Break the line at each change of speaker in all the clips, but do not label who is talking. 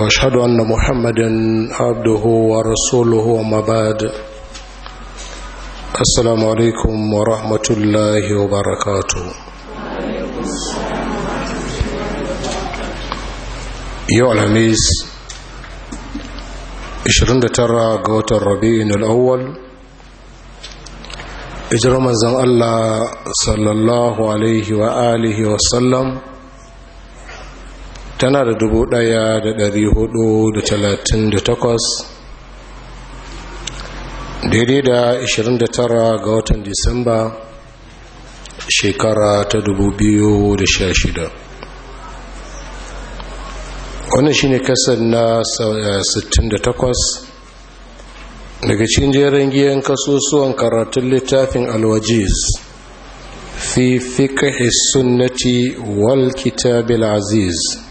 واشهد ان محمدا عبده ورسوله وما بعد السلام عليكم ورحمه الله وبركاته yau alhamis 29 ga watan rabi'in al'awwal ijirar zan allah sallallahu alaihi wa alihi wasallam tana da dubu ɗaya da dari hudu da talatin da takwas daidai da ashirin da tara ga watan disamba shekara ta dubu biyu da sha shida. wannan shine kasar na eh, sittin da takwas daga cikin jerin giyan kasusuwan karatun littafin alwajiz fi fiqh sunnati wal kitabil aziz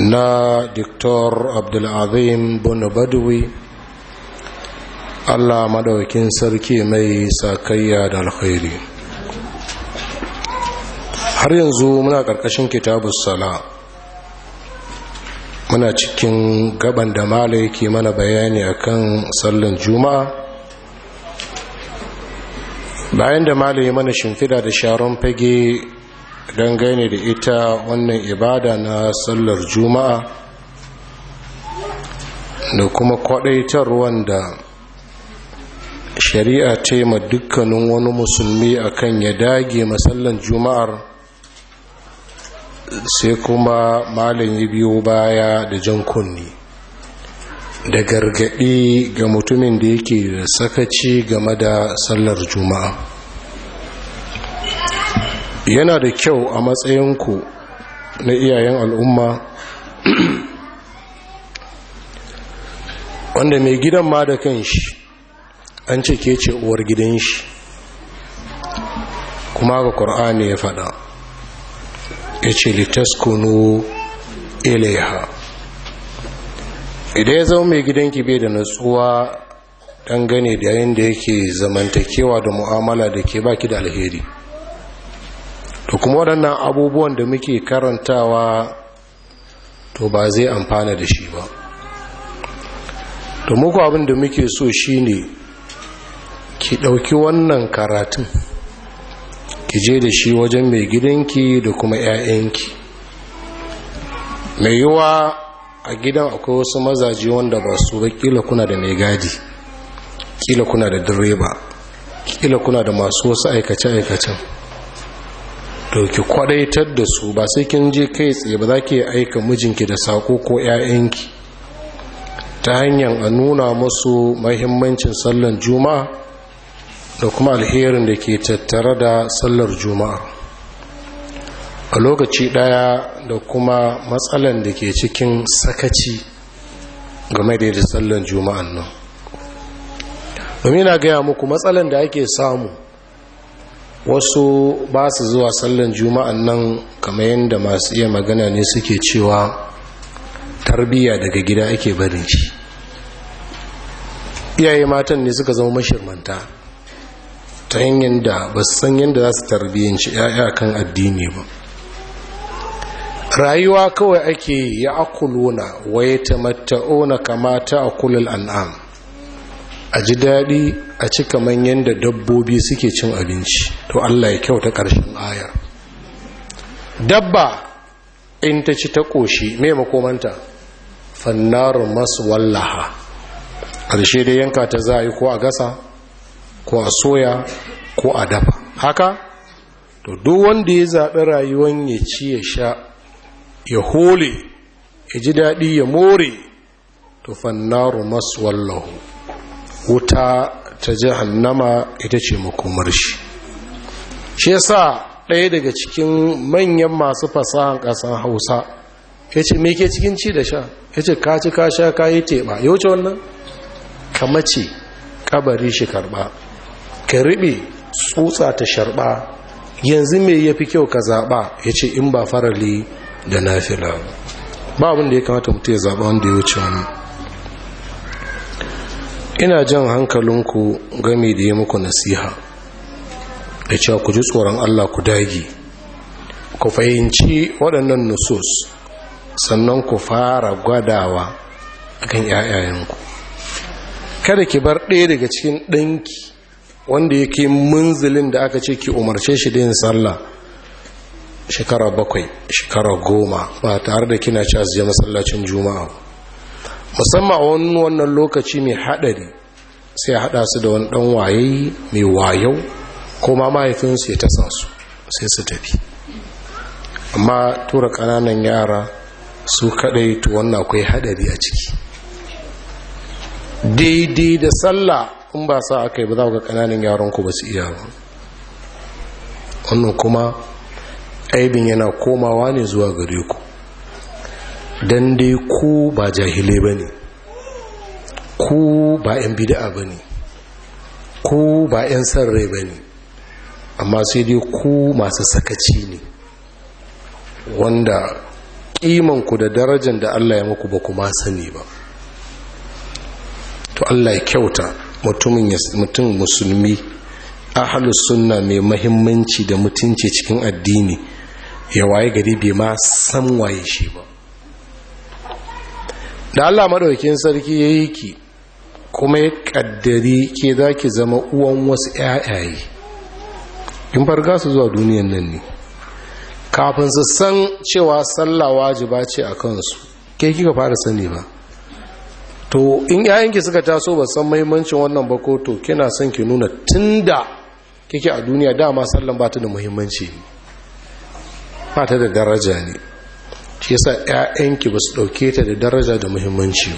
na diktor abdulazim bunu Badwi. allah maɗaukin sarki mai sakayya da alkhairi har yanzu muna ƙarƙashin kitabu sala muna cikin gaban da mala yake mana bayani akan sallan juma'a bayan da ya mana shimfida da sharon fage don gane da ita wannan ibada na sallar juma'a da kuma kwadaitarwan wanda shari'a ta ma dukkanin wani musulmi akan ya dage masallan juma'ar sai kuma malin ya biyo baya da jan kunni da gargaɗi ga mutumin da yake da sakaci game da sallar juma'a yana da kyau a matsayinku na iyayen al'umma wanda mai gidan ma da kan shi an ce ke ce uwar gidan shi kuma ga ƙor'ani ya fada ya ce litaskunu ilaiha idan ya zama mai gidanki bai da natsuwa dangane da yayin da yake zamantakewa da mu'amala da ke baki da alheri to kuma waɗannan abubuwan da muke karantawa to ba zai amfana da shi ba to muku abin da muke so shi ne ki ɗauki wannan karatun ki je da shi wajen mai gidanki da kuma 'ya'yanki mai yiwa a gidan akwai wasu mazaje wanda ba su ba kila kuna da mai gadi kila kuna da direba kila kuna da masu wasu aikace-aikacen to ki kwadaitar da su ba sai kin je kai tsaye ba za ki aika mijinki da sako ko 'ya'yanki ta hanyar a nuna musu mahimmancin sallar juma'a da kuma alherin da ke tattare da sallar juma'a a lokaci ɗaya da kuma matsalan da ke cikin sakaci game da yadda sallar juma'an nan domin na gaya muku matsalan da ake samu wasu ba su zuwa sallan juma'an nan kamar yadda masu iya magana ne suke cewa tarbiyya daga gida ake barin shi iyaye matan ne suka zama mashirmanta ta hanyar da ba su san yadda za su shi 'ya'ya kan addini ba rayuwa kawai ake ya akuluna wa ya tamatta'una kamata a akulul an'am a ji daɗi a cika manyan yadda dabbobi suke cin abinci to Allah ya kyauta ƙarshen ayar dabba in ta ci ta ƙoshi mai makomanta fannaru masu wallaha ƙarshe da yanka ta za yi ko a gasa ko a soya ko a dafa haka to duk wanda ya zaɓi rayuwan ya ci ya sha ya hole ya ji daɗi ya more to fannaru masu wallahu wuta ta jahannama ita ce makomar shi shi yasa ɗaya daga cikin manyan masu fasahar ƙasar hausa ya ce me ke cikin ci da sha ya ce ka ci ka sha ka yi teɓa ya wuce wannan ka mace ƙabari shi karɓa ka riɓe tsutsa ta sharɓa yanzu me ya fi kyau ka zaɓa ya ce in ba farali da na nafila ba abin da ya kamata mutu ya zaɓa wanda ya wuce wannan ina jan hankalinku game da yi muku nasiha da cewa ku ji tsoron Allah ku dagi ku fahimci waɗannan nusus sannan ku fara gwadawa kan ƴaƴayenku kada ki bar ɗaya daga cikin ɗanki wanda yake munzilin da aka ce ki umarce shi da yin sallah shekara bakwai shekara goma ba tare da kina ci je masallacin juma'a musamman wani wannan lokaci mai haɗari sai a haɗa su da wani ɗan waye mai wayo ko ma mahaifinsu ya tasa su sai su tafi amma tura ƙananan yara su kaɗai to wannan akwai haɗari a ciki daidai da sallah in ba sa aka yi ba za ga ƙananan yaran ku ba su iya ba wannan kuma aibin yana komawa ne zuwa gare ku don dai ku ba jahile bane, ne ku ba 'yan bida'a ba ne ku ba 'yan san rai ba amma sai dai ku masu sakaci ne wanda ƙimanku da darajar da allah ya muku ba kuma sani ba to allah ya kyauta mutum musulmi ahalus sunna mai mahimmanci da mutunci cikin addini ya waye gari bai ma san waye shi ba da Allah madaukin sarki ya yi ki kuma ya kaddari ke za ki zama uwan wasu yayayi in farga su zuwa duniyan nan ne kafin su san cewa sallah ba ce a kansu ke kika fara sani ba to in ‘ya'yanki suka taso ba san mahimmancin wannan ba ko to kina son ki nuna tun da kike a duniya dama sallan ba ta da muhimmanci ba ta da daraja ne shi yasa ƴaƴanki ba su ɗauke ta da daraja da muhimmanci ba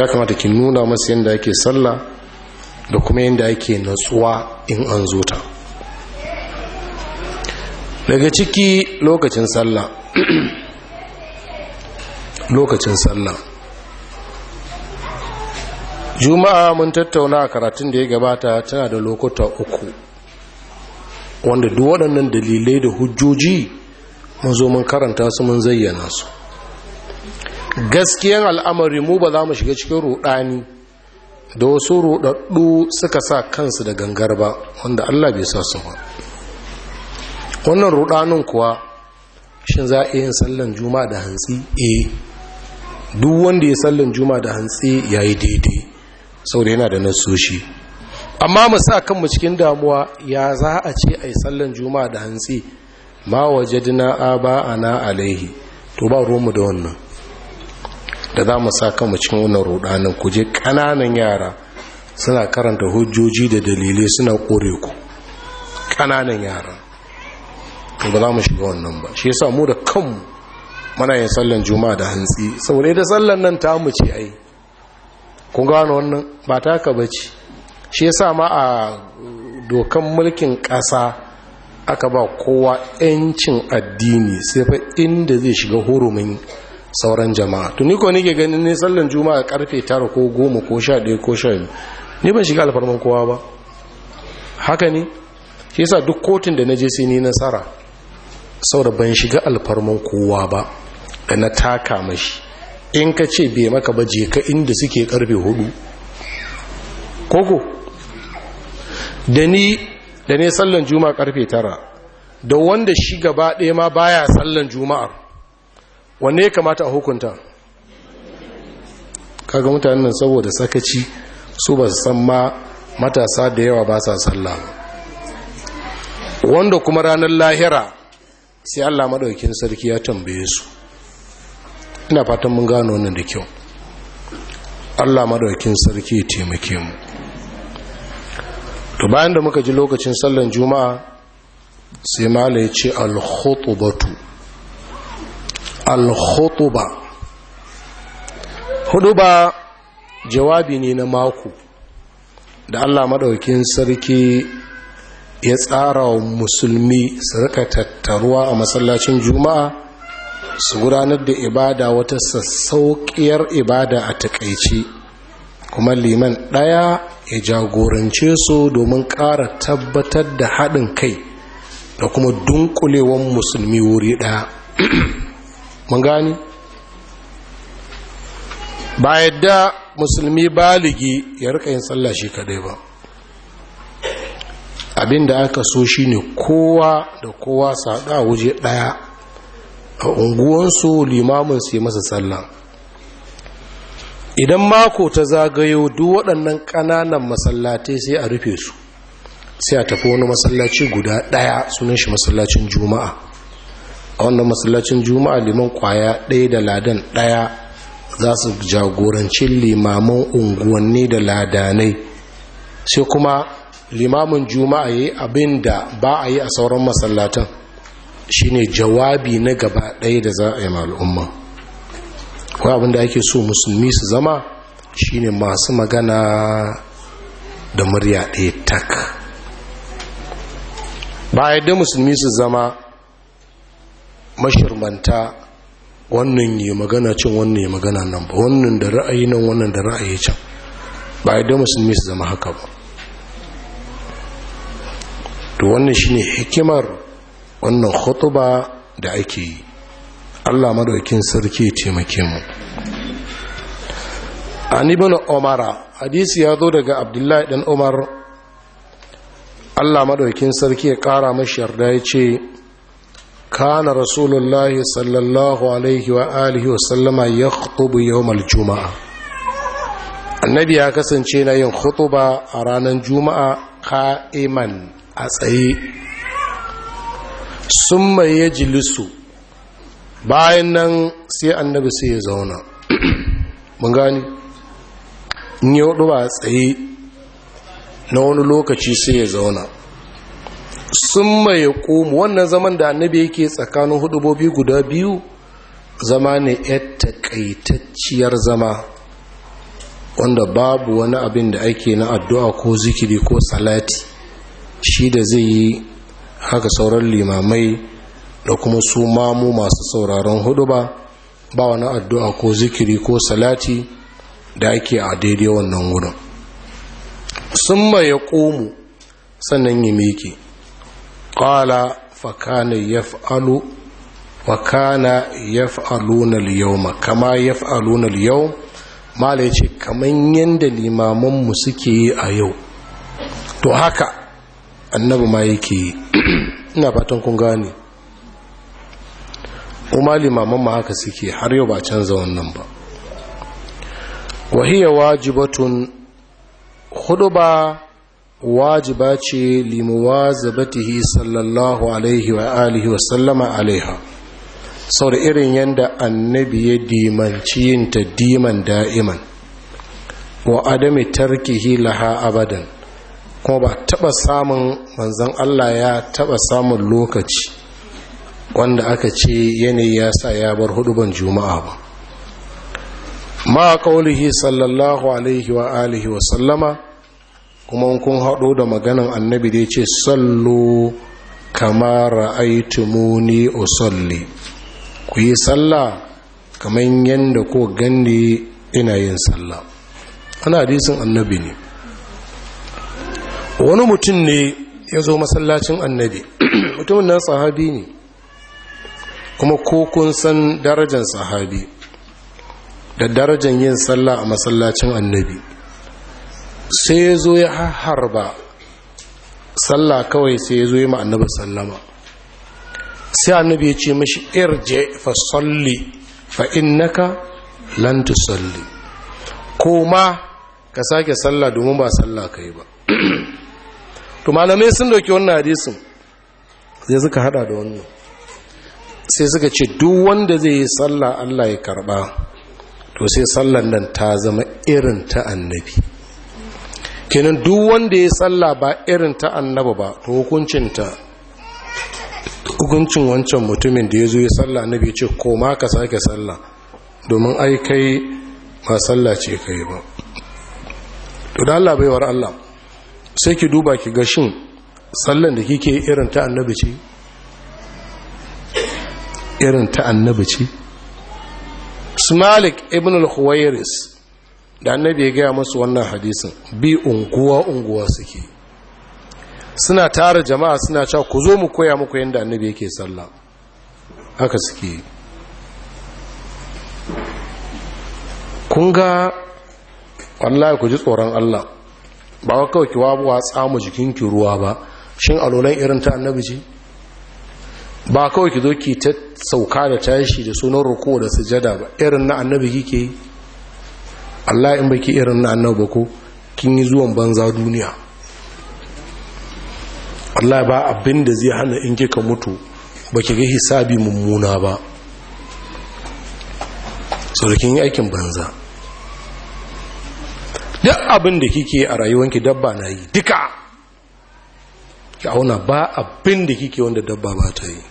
ya kamata ki nuna masu yadda ake sallah da kuma yadda ake natsuwa in an zo ta daga ciki lokacin sallah lokacin sallah juma'a mun tattauna a karatun da ya gabata tana da lokuta uku wanda duk waɗannan dalilai da hujjoji mun zo mun karanta su mun zayyana su gaskiyan al'amari mu ba za mu shiga cikin rudani da wasu rudaddu suka sa kansu da gangar ba wanda Allah bai sa su ba wannan rudanin kuwa shin za a yin sallan juma'a da hantsi E duk wanda ya sallan juma'a da hantsi yi daidai saboda yana da nasoshi amma mu sa kanmu cikin damuwa ya za a ce a yi sallan juma'a da hantsi ma a na alaihi to ba romu da wannan da za mu sa kanmu cikin wannan rudanin kuje kananan yara suna karanta hujjoji da dalilai suna kore ku ƙananan yara ba za mu shiga wannan ba shi yasa mu da kanmu muna yin sallan juma'a da hantsi saboda da sallan nan ta mu ce ai kun gano wannan ba ta ka bace shi yasa ma a dokan mulkin ƙasa aka ba kowa 'yancin addini sai fa inda zai shiga hurumin sauran jama'a to ni ko nike ganin ne sallan juma'a karfe tara ko goma ko sha ɗaya ko sha ni ban shiga alfarman kowa ba haka ne shi yasa duk kotun da na je sai ni nasara saboda ban shiga alfarman kowa ba da na taka mashi in ka ce bai maka ba je ka inda suke karfe hudu koko da ni da ne sallan juma'a karfe tara da wanda shi gaba ɗaya ma baya sallan juma'a, wanne ya kamata a hukunta kaga mutanen nan saboda sakaci su ba su san ma matasa da yawa ba sa sallah wanda kuma ranar lahira sai Allah maɗaukin sarki ya tambaye su ina fatan mun gano wannan da kyau Allah maɗaukin sarki ya taimake mu to bayan da muka ji lokacin sallan juma'a sai mala ya ce al alkhutuba huduba jawabi ne na mako da allah maɗaukin sarki ya tsara wa musulmi su rika tattaruwa a masallacin juma'a su gudanar da ibada wata sassauƙiyar ibada a taƙaice kuma liman ɗaya ya jagorance su domin ƙara tabbatar da haɗin kai da kuma dunkulewan musulmi wuri ɗaya mun gani ba yadda musulmi baligi ya rika yin tsalla shi kaɗai ba abinda aka so ne kowa da kowa a waje ɗaya a unguwansu limamin su yi masa tsalla idan mako ta zagayo duk waɗannan ƙananan masallatai sai a rufe su sai a tafi wani masallaci guda ɗaya sunan shi masallacin juma'a a wannan masallacin juma'a liman kwaya ɗaya da ladan ɗaya za su jagoranci limaman unguwanni da ladanai sai kuma limamin juma'a ya yi abin da ba a yi a sauran masallatan shine jawabi na gaba ɗaya da za a yi mal'umman akwai abin da ake so musulmi su zama shine masu magana da murya ɗaya tak ba yadda musulmi su zama mashirmanta wannan yi magana cin wannan yi magana nan ba wannan da ra'ayi nan wannan da ra'ayi can ba yadda musulmi su zama haka ba to wannan shine hikimar wannan khutuba da ake yi Allah madaukin sarki ya taimake mu an ibn umara hadisi ya zo daga abdullahi dan umar Allah madaukin sarki ya kara mashi yarda ya ce kana rasulullahi sallallahu alaihi wa alihi wa sallama yakhutubu juma'a annabi ya kasance na yin khutuba a ranar juma'a ka'iman a tsaye summa jilisu bayan nan sai annabi sai ya zauna mun gani in yi hudu ba tsaye na wani lokaci sai ya zauna sun mai komu wannan zaman da annabi yake tsakanin hudubobi guda biyu zama ne ya takaitacciyar zama wanda babu wani abin da ake na addu'a ko zikiri ko salati shi da zai yi haka sauran limamai da kuma su mamu masu sauraron hudu ba ba wani addu'a ko zikiri ko salati da ake a daidai wannan wurin sun ya ƙomu sannan ya miƙe ƙwala fakana ya fa'alu fakana ya fa'aluna ma, kama ya liyau ma da ya ce kaman yadda limamanmu suke yi a yau to haka annabi ma yake yi ina fatan kun gane kuma limamanmu haka suke har yau ba canza wannan ba wahiya wajibatun hudu ba wajiba ce limuwa zabatihi sallallahu alaihi wa alihi wa sallama alaiha sau irin yadda annabi ya dimanci yin ta diman da'iman wa adami laha abadan kuma ba taba samun manzan Allah ya taɓa samun lokaci wanda aka ce yanayi ya sa ya bar huduban juma'a ba ma qaulihi sallallahu alaihi wa alihi wa sallama kuma kun haɗo da maganan annabi da yace sallu kama ra'aytumuni usalli ku yi sallah kaman yanda ko gani ina yin sallah ana hadisin annabi ne wani mutum ne ya zo masallacin annabi mutumin nan sahabi ne kuma ko kun san darajar sahabi da darajar yin sallah a masallacin annabi sai ya zo ya harba sallah kawai sai ya zo yi ma'annabi sallama sai annabi ya ce mashi irje fa salli fa innaka lan ko koma ka sake sallah domin ba sallah kai ba to malamai sun dauki wannan hadisin sai suka hada da wannan sai suka ce duk wanda zai yi sallah Allah ya karba to sai sallan nan ta zama irin ta annabi kenan duk wanda ya salla ba irin ta annaba ba to hukuncinta hukuncin wancan mutumin da ya zo ya salla annabi ya ce koma ka sake salla domin ai kai ba salla ce kai ba to da Allah baiwar Allah sai ki duba ki ga shin sallan da kike irin ta annabi ce irin ta annabi ce malik ibn al-huwairis da annabi ya gaya musu wannan hadisin bi unguwa unguwa suke suna tara jama'a suna cewa ku zo mu koya muku yadda annabi yake sallah haka suke kun ga wallahi ku ji tsoron Allah ba kawai ki wabuwa tsamu ki ruwa ba shin alolan irin ta annabi ce ba kawai ki zo ki ta sauka da tashi da sunan ruku da sujada ba irin na annabi kike yi Allah in baki irin na annabi ba ko kin yi zuwan banza duniya Allah ba abin da zai hana in kika mutu baki ga hisabi mummuna ba sarkin yi aikin banza duk abin da kike a rayuwanki dabba na yi duka ki auna ba abin da kike wanda dabba ba ta yi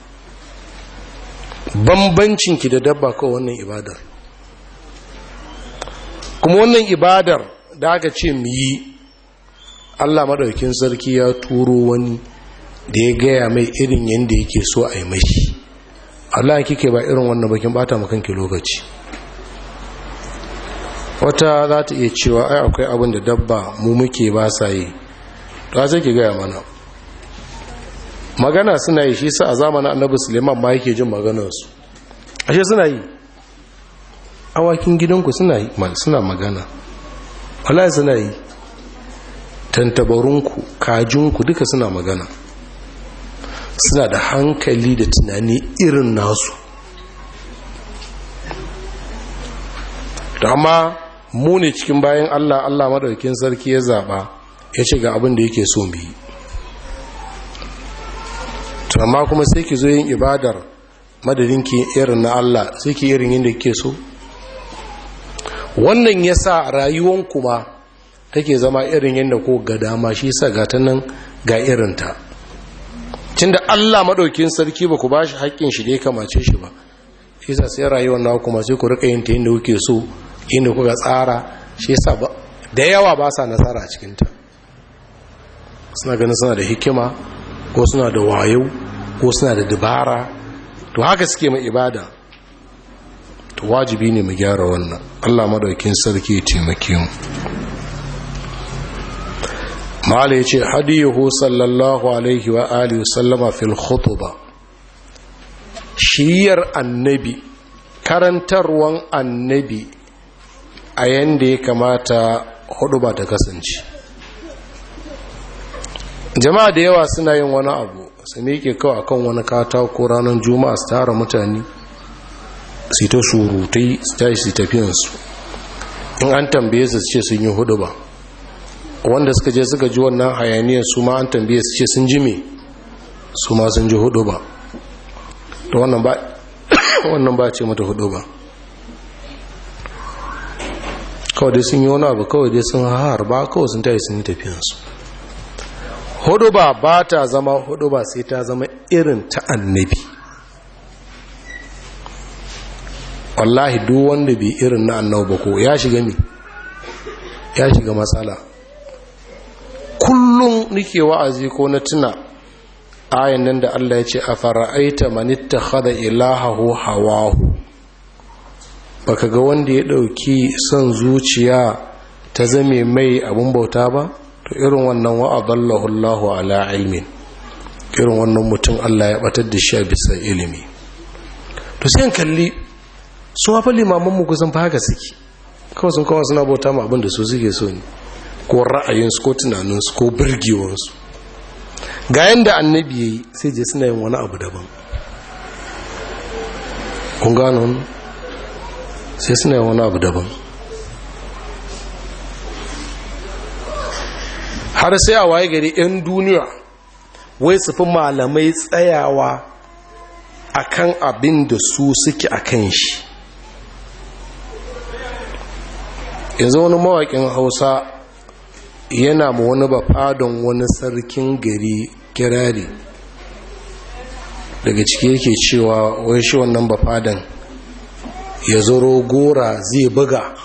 bambancin ki da dabba ko wannan ibadar kuma wannan ibadar da aka ce mu yi Allah madaukin sarki ya turo wani da ya gaya mai irin yadda yake so a yi mashi Allah kike ba irin wannan bakin bata makanki lokaci wata za ta iya cewa ai akwai abin da dabba mu muke ba sa yi ta sai ki gaya mana magana suna yi shi sa a zamanin annabi suleiman ma yake jin maganarsu ashe suna yi awakin gidanku suna yi suna magana wallahi suna yi tantabarunku kajinku duka suna magana suna da hankali da tunani irin nasu dama mu ne cikin bayan allah allah madaukin sarki ya zaba ya ce ga abin da yake so mu amma kuma sai ki zo yin ibadar madadin ki irin na Allah sai ki irin yadda kike so wannan yasa rayuwan kuma take zama irin yadda ko ga dama shi yasa ga nan ga irin ta tunda Allah madaukin sarki ba ku bashi haƙƙin shi da ya kamace shi ba shi yasa sai rayuwar ku kuma sai ku rika yin ta yadda kuke so inda kuka tsara shi yasa da yawa ba sa nasara a cikinta suna ganin suna da hikima ko suna da wayo ko suna da dubara to haka suke mai ibada to wajibi ne mu gyara wannan allah madaukin sarki ya taimake mu mala ya ce hadiyuhu sallallahu alaihi wa alihi sallama fil khutba shiyar annabi karantarwan annabi a yanda ya kamata hudu ba ta kasance jama'a da yawa suna yin wani abu ke kawo a kan wani katako ranar juma'a su tara mutane su ta surutai su tashi su tafiyansu in an tambaye su ce sun yi hudu ba wanda suka je suka ji wannan hayaniyar su ma an tambaye su ce sun ji me su ma sun ji hudu ba to wannan ba ce mata hudu ba kawai dai sun yi wani abu kawai dai sun harba kawai sun yi sun yi tafiyansu huduba ba ta zama huduba sai ta zama irin ta annabi wallahi duk wanda bai irin na annabi ba ko ya shiga ne ya shiga matsala kullum nike wa'azi ko na tuna ayan nan da Allah ya ce a fara'aita manitta hada ilahahu hawahu baka ga wanda ya ɗauki son zuciya ta zame mai abin bauta ba to irin wannan wa'adallahu Allahu ala ilmin irin wannan mutum Allah ya batar da shi a bisa ilimi to sai an kalli su fa limaman mu kusan fa haka suke kawai sun kawai suna bauta ma abin da su suke so ne ko su ko tunaninsu ko su ga yanda annabi yayi sai je suna yin wani abu daban kun gano sai suna yin wani abu daban har sai a waye gari 'yan duniya wai su fi malamai tsayawa a kan abin da su suke a kan shi yanzu wani mawaƙin hausa yana ma wani bafadon wani sarkin gari kirari daga ciki yake cewa wai shi wannan bafadon ya zoro gora zai buga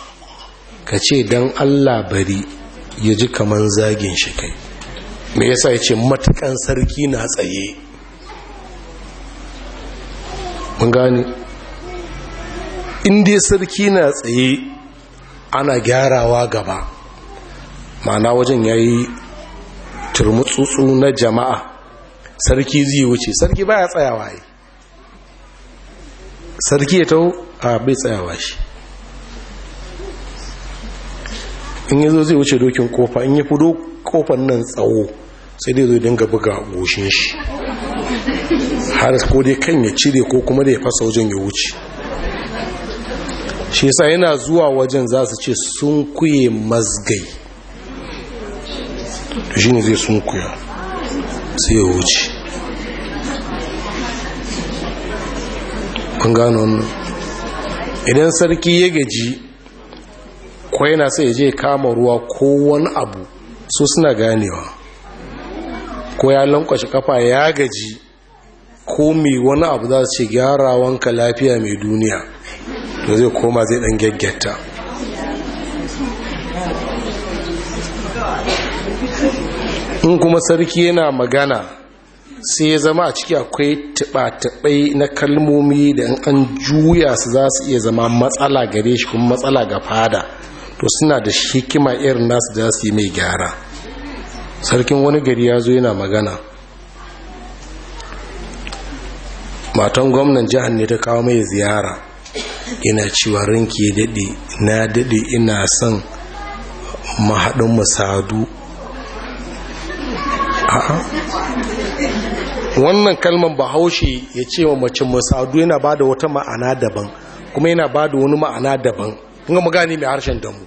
ka ce don allah bari ya ji kaman zagin shi kai me yasa ya ce matakan sarki na tsaye mun gane inda sarki na tsaye ana gyarawa gaba ma'ana wajen ya yi turmutsutsu na jama'a sarki zai wuce sarki baya tsayawa yi sarki ya tau a bai tsayawa shi in ya zo zai wuce dokin kofa in ya fudo kofan nan tsawo sai dai zo dinga buga goshin shi har ko dai kan ya cire ko kuma da ya fasa wajen ya wuce shi sa yana zuwa wajen za su ce sun kuye mazgai to shi ne zai sun kuya sai ya wuce kun gano wannan idan sarki ya gaji ko yana sai je kama ruwa ko wani abu su suna ganewa ko ya lankwashe kafa ya gaji ko mai wani abu za su ce gyarawanka lafiya mai duniya to zai koma zai dan gaggata in kuma sarki yana magana sai ya zama a ciki akwai tuba na kalmomi da an juya su za su iya zama matsala gare shi kuma matsala ga fada to suna da shi hikima irin nasu da su yi mai gyara sarkin wani gari ya zo yana magana matan gwamnan jihar ne ta kawo mai ziyara ina cewa ranki ya daɗe na daɗe ina son mahaɗin masadu wannan kalman bahaushe ya ce wa mace masadu yana ba da wata ma'ana daban kuma yana ba da wani ma'ana daban Kuma magani mai harshen damu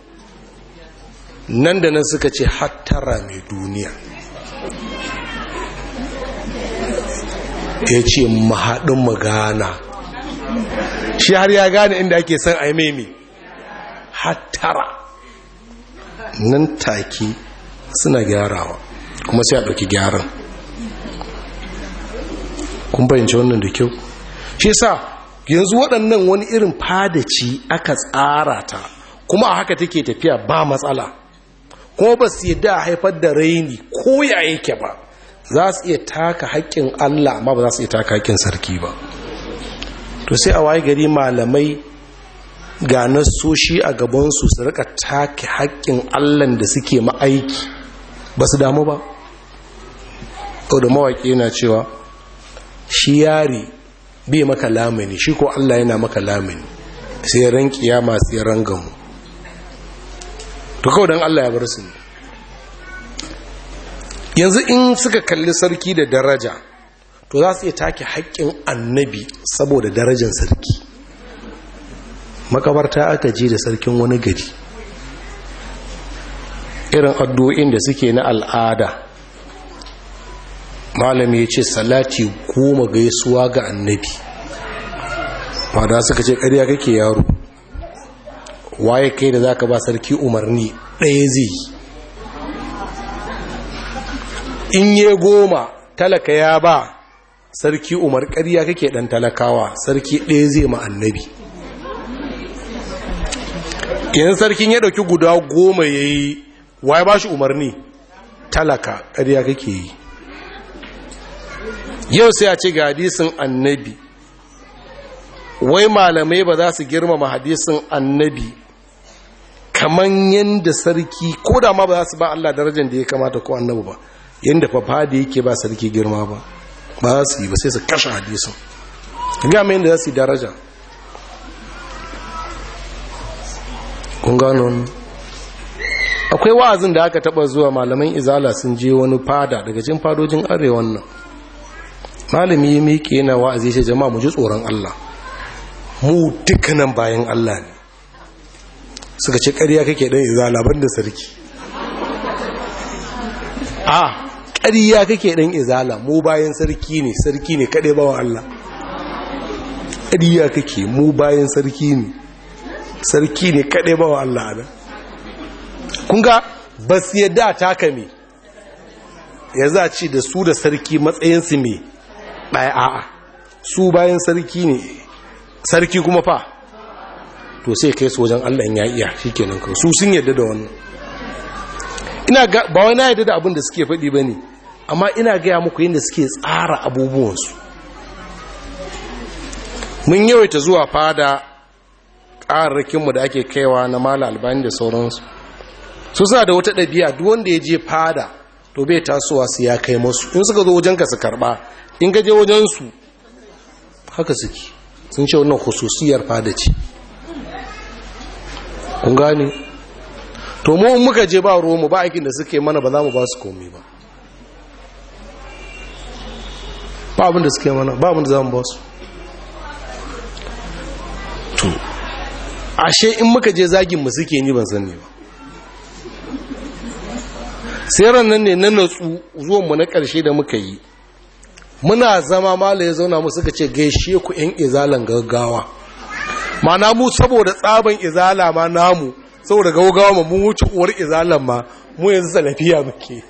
nan da nan suka ce hattara mai duniya ya ce mahaɗin magana shi har ya gane inda ake son aimemi hattara nan take suna gyarawa kuma sai a ɗauki gyaran kun bayyance wannan da kyau shi sa yanzu waɗannan wani irin fadaci aka tsara ta kuma a haka take tafiya ba matsala Kuma ba su yadda a haifar da raini ko ya yake ba za su iya taka haƙƙin allah amma ba za su iya taka haƙƙin sarki ba to sai a waye gari malamai ga nasoshi a gabansu su rika take haƙƙin Allah da suke ma'aiki ba su damu ba da mawaƙi yana cewa shi yari bi maka lamani shi ko Allah yana maka lamani sai ran kiyama sai ran gamu to kawai dan Allah ya bar su yanzu in suka kalli sarki da daraja to za su iya take haƙƙin annabi saboda darajar sarki makabarta aka je da sarkin wani gari irin addu'o'in da suke na al'ada malami ya ce salati goma gaisuwa ga annabi fada suka ce ƙarya kake yaro waye kai da zaka ba sarki umarni ɗaya zai in ye goma talaka ya ba sarki umar ƙarya kake ɗan talakawa sarki ɗaya zai ma annabi Idan sarkin ya ɗauki guda goma ya yi waye ba shi umarni talaka ƙarya kake yi yau sai a ce ga hadisin annabi wai malamai ba za su girmama hadisin annabi kamar yadda sarki ko da ma ba za su ba Allah darajar da ya kamata ko annabi ba yadda fafa da yake ba sarki girma ba ba za su yi ba sai su kashe hadisin ga mai yadda za su yi daraja kun akwai wa'azin da aka taba zuwa malaman izala sun je wani fada daga cikin fadojin arewa nan malami ya miƙe yana wa'azi sai jama'a mu ji tsoron Allah mu nan bayan Allah ne suka ce ƙarya kake dan izala da sarki a ƙarya kake dan izala mu bayan sarki ne sarki ne kaɗai bawan Allah ƙarya kake mu bayan sarki ne sarki ne kaɗai bawan Allah ne kun ga ba su yadda taka me ya za ci da su da sarki matsayinsu me ɗaya a'a su bayan sarki ne sarki kuma fa to sai kai su wajen allah ya iya shi kenan kawai su sun yadda da wannan ina ga ba wani yadda da abin suke faɗi ba ne amma ina gaya muku yadda suke tsara abubuwansu mun yawaita zuwa fada ƙararrakinmu da ake kaiwa na mala albani da sauransu su suna da wata ɗabi'a duk wanda ya je fada to bai tasowa su ya kai masu in suka zo wajenka su karɓa in gaje wajensu haka suke sun ce wannan hususiyar fada ce kun gane to mu muka je ba mu ba aikin da suke mana ba za mu ba su komi ba ba abin da suke mana ba abin da za mu ba su to ashe in muka je zagin mu suke ni ban sani ba sai ran nan ne na natsu zuwan mu na karshe da muka yi muna zama mala ya zauna mu suka ce gaishe ku yan izalan gaggawa mana mu saboda tsaban izala ma namu saboda gaggawa ma mun wuce uwar izalan ma mu yanzu salafiya muke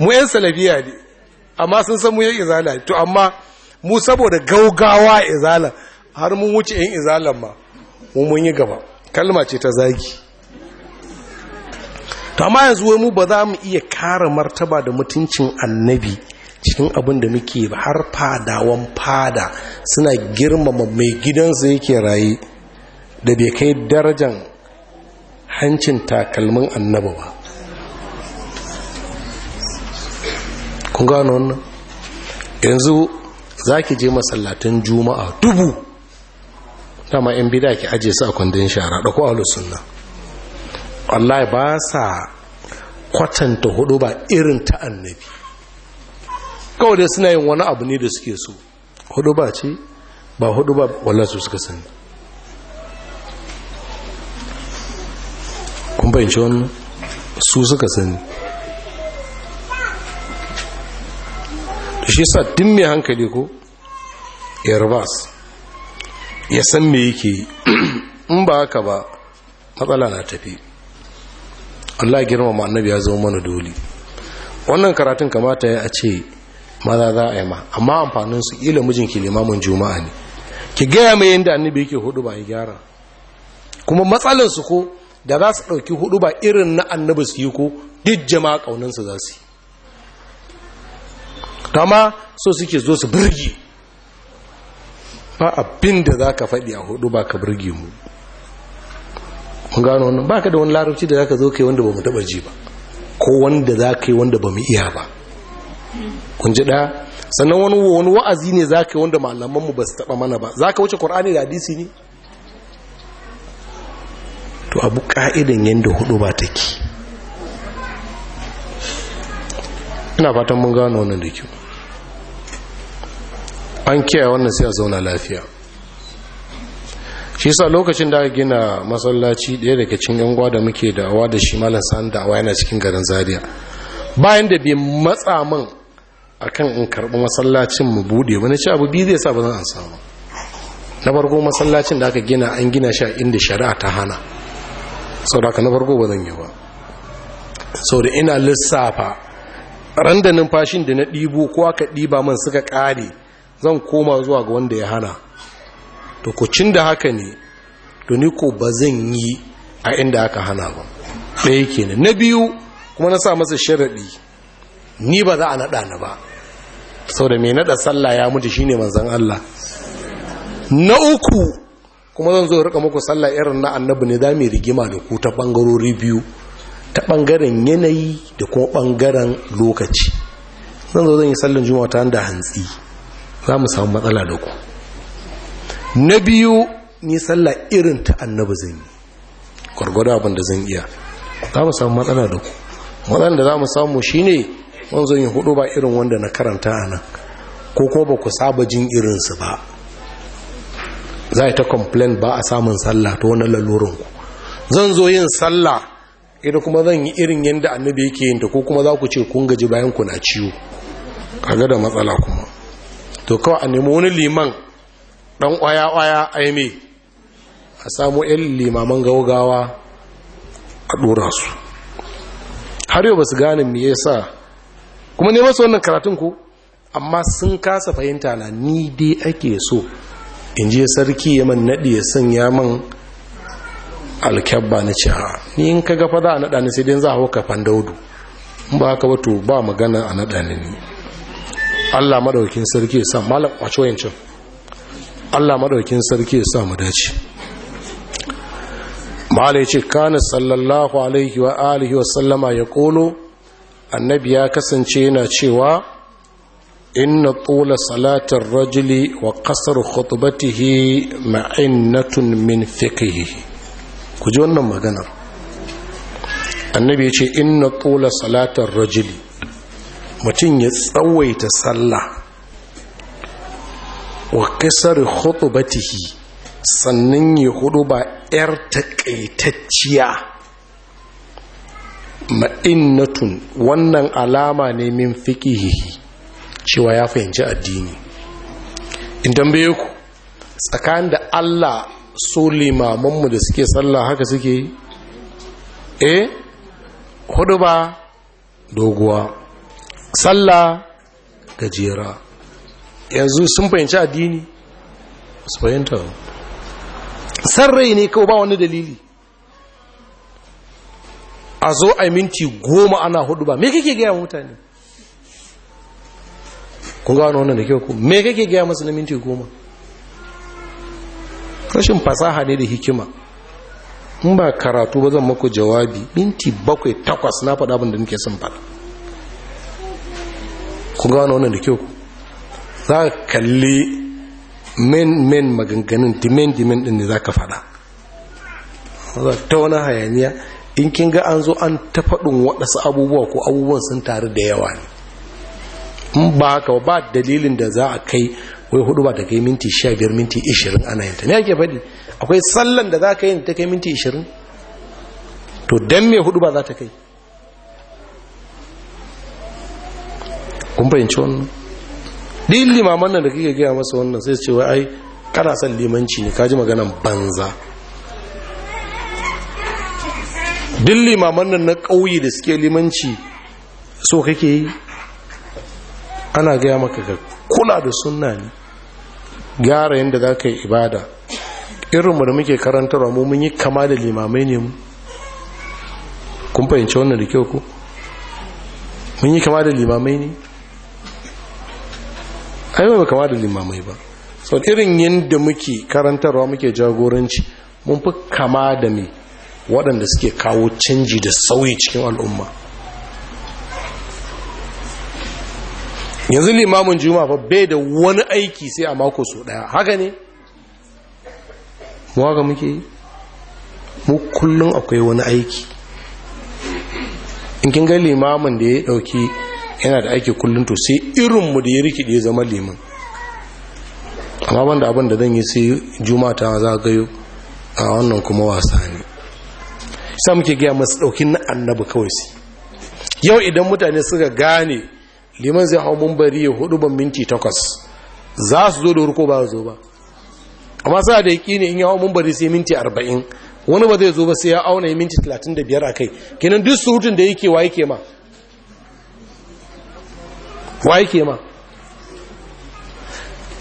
mu yan salafiya ne amma sun san mu yan izala to amma mu saboda gaggawa izala har mun wuce yan izalan ma mu mun yi gaba kalma ce ta zagi to amma yanzu mu ba za mu iya kare martaba da mutuncin annabi cikin abin da muke har fadawan fada suna girmama mai gidansu yake rayu da bai kai darajan hancin takalmin annaba ba kun gano wannan yanzu za ki je masallatan juma'a dubu dama yan bida ki ajiye su a kwandon shara da ko suna. wallahi ba sa kwatanta hudu ba irin ta annabi kawai dai suna yin wani abu ne da suke so hudu ba ce ba hudu ba wannan su suka sani kun bayanci wannan su suka sani da shi sa tun mai hankali ko airbus ya san me yake in ba haka ba matsala na tafi allah girma annabi ya zama mana dole wannan karatun kamata ya a ce maza za a yi ma amma amfanin su ila mijinki limamin juma'a ne ki gaya mai yadda annabi yake hudu ba ya gyara kuma matsalin su ko da za su ɗauki hudu ba irin na annabi su yi ko duk jama'a ƙaunansu za su yi kama so suke zo su birgi ba abin da za ka faɗi a hudu ba ka birgi mu mun gano wannan ba ka da wani larabci da za ka zo kai wanda ba mu taɓa ji ba ko wanda za ka yi wanda ba mu iya ba kun ji ɗaya sannan wani wani wa'azi ne za ka yi wanda malamanmu ba su taɓa mana ba za ka wuce ƙwar'ani da hadisi ne to abu ƙa'idan yadda hudu ba ta ki ina fatan mun gano wannan da kyau an kiyaye wannan sai a zauna lafiya shi sa lokacin da aka gina masallaci daya daga cikin yan da muke da awa da shi malam sa'an da awa yana cikin garin zaria bayan da bai matsa man akan in karɓi masallacin mu buɗe wani ci abu biyu zai sa ba zan an samu na bargo masallacin da aka gina an gina shi a inda shari'a ta hana sau da na bargo ba zan yi ba sau da ina lissafa ran da numfashin da na ɗibo ko aka ɗiba man suka ƙare zan koma zuwa ga wanda ya hana to ku cin da haka ne to ni ko ba zan yi a inda aka hana ba ɗaya kenan na biyu kuma na sa masa sharaɗi ni ba za a naɗa na ba sau da mai nada sallah ya mutu shine manzan Allah na uku kuma zan zo rika muku sallah irin na annabi ne za rigima da ku ta bangarori biyu ta bangaren yanayi da kuma bangaren lokaci zan zo zan yi sallan juma'a ta da hantsi za mu samu matsala da ku na biyu ni sallah irin ta annabi zan yi gwargwado abin da zan iya za mu samu matsala da ku matsalan da za mu samu shine wani zan yi hudu ba irin wanda na karanta a nan ko ko ba ku saba jin irinsu ba za ta complain ba a samun sallah ta wani ku zan zo yin sallah idan kuma zan yi irin yadda annabi yake yin ta ko kuma za ku ce kun gaji bayan ku na ciwo kaga da matsala kuma to kawai a nemi wani liman dan kwaya-kwaya a yi a samu 'yan limaman gaugawa a ɗora su har yau ba su gane me yasa kuma ne masu wannan karatun ku? amma sun kasa fahimta na ni dai ake so in je sarki ya man naɗi ya sanya man alkyabba na ciha ni in ka gafa za a naɗa ni sai dai za a hau kafan daudu in ba haka wato ba magana a naɗa ni ne allah maɗaukin sarki ya sa malam a coyancin allah maɗaukin sarki ya sa mu dace malai ce kanis sallallahu alaihi wa alihi wa sallama ya kolo annabi ya kasance yana cewa inna tula salatar rajuli wa kasar khutbatihi ma'innatun min fiqhihi ku ji wannan maganar annabi ya ce inna tula salatar rajili mutum ya tsawaita sallah wa kasar khutubatihi sannan ya hudu ba 'yar takaitacciya ma'innatun wannan alama ne min fiƙihihi cewa ya fahimci addini in tambaye ku tsakanin da Allah so limamanmu da suke sallah haka suke yi eh hudu ba doguwa sallah gajera yanzu sun fahimci addini su fahimta sarrai ne kawo ba wani dalili a zo a minti goma ana hudu ba me kake gaya mutane kun gano wannan da kyau ku me kake gaya masu na minti goma rashin fasaha ne da hikima in ba karatu ba zan maku jawabi minti bakwai takwas na faɗa abin da nake son faɗa ku gano wannan da kyau ku za ka kalli men men maganganun dimen dimen din ne za ka faɗa ta wani hayaniya in kin ga an zo an ta faɗin waɗansu abubuwa ko abubuwan sun taru da yawa ne in ba haka ba dalilin da za a kai wai hudu ba ta kai minti sha biyar minti ishirin ana yin ta ne ake faɗi akwai sallan da za ka yi ta kai minti ishirin to don me hudu ba za ta kai kun fahimci wannan Dillima limaman nan da kike gaya masa wannan sai ce wai ai kana son limanci ne ka ji maganan banza din limaman nan na ƙauye da suke limanci so kake yi ana gaya maka ga kula da sunna ne gyara yadda za ka yi ibada irinmu da muke karantarwa mu mun yi kama da limamai ne mu kun fahimci wannan da kyau ku mun yi kama da limamai ne ai ba kama da limamai ba so irin yadda muke karantarwa muke jagoranci mun fi kama da mai waɗanda suke kawo canji da sauyi cikin al'umma yanzu limamin juma'a fa bai da wani aiki sai a mako su ɗaya haka ne mu haka muke mu kullum akwai wani aiki in kin ga limamin da ya ɗauki yana da aiki kullum to sai irin mu da ya rikide ya zama liman amma banda abin da zan yi sai juma'a ta za gayo a wannan kuma wasa ne sa muke gaya masu ɗauki na annabi kawai su yau idan mutane suka gane liman zai hau mumbari ya hudu ban minti takwas za su zo da ko ba zo ba amma sa da yaki ne in ya hau mumbari sai minti arba'in wani ba zai zo ba sai ya auna yi minti talatin da biyar a kai kenan duk surutun da yake wa yake ma wa yake ma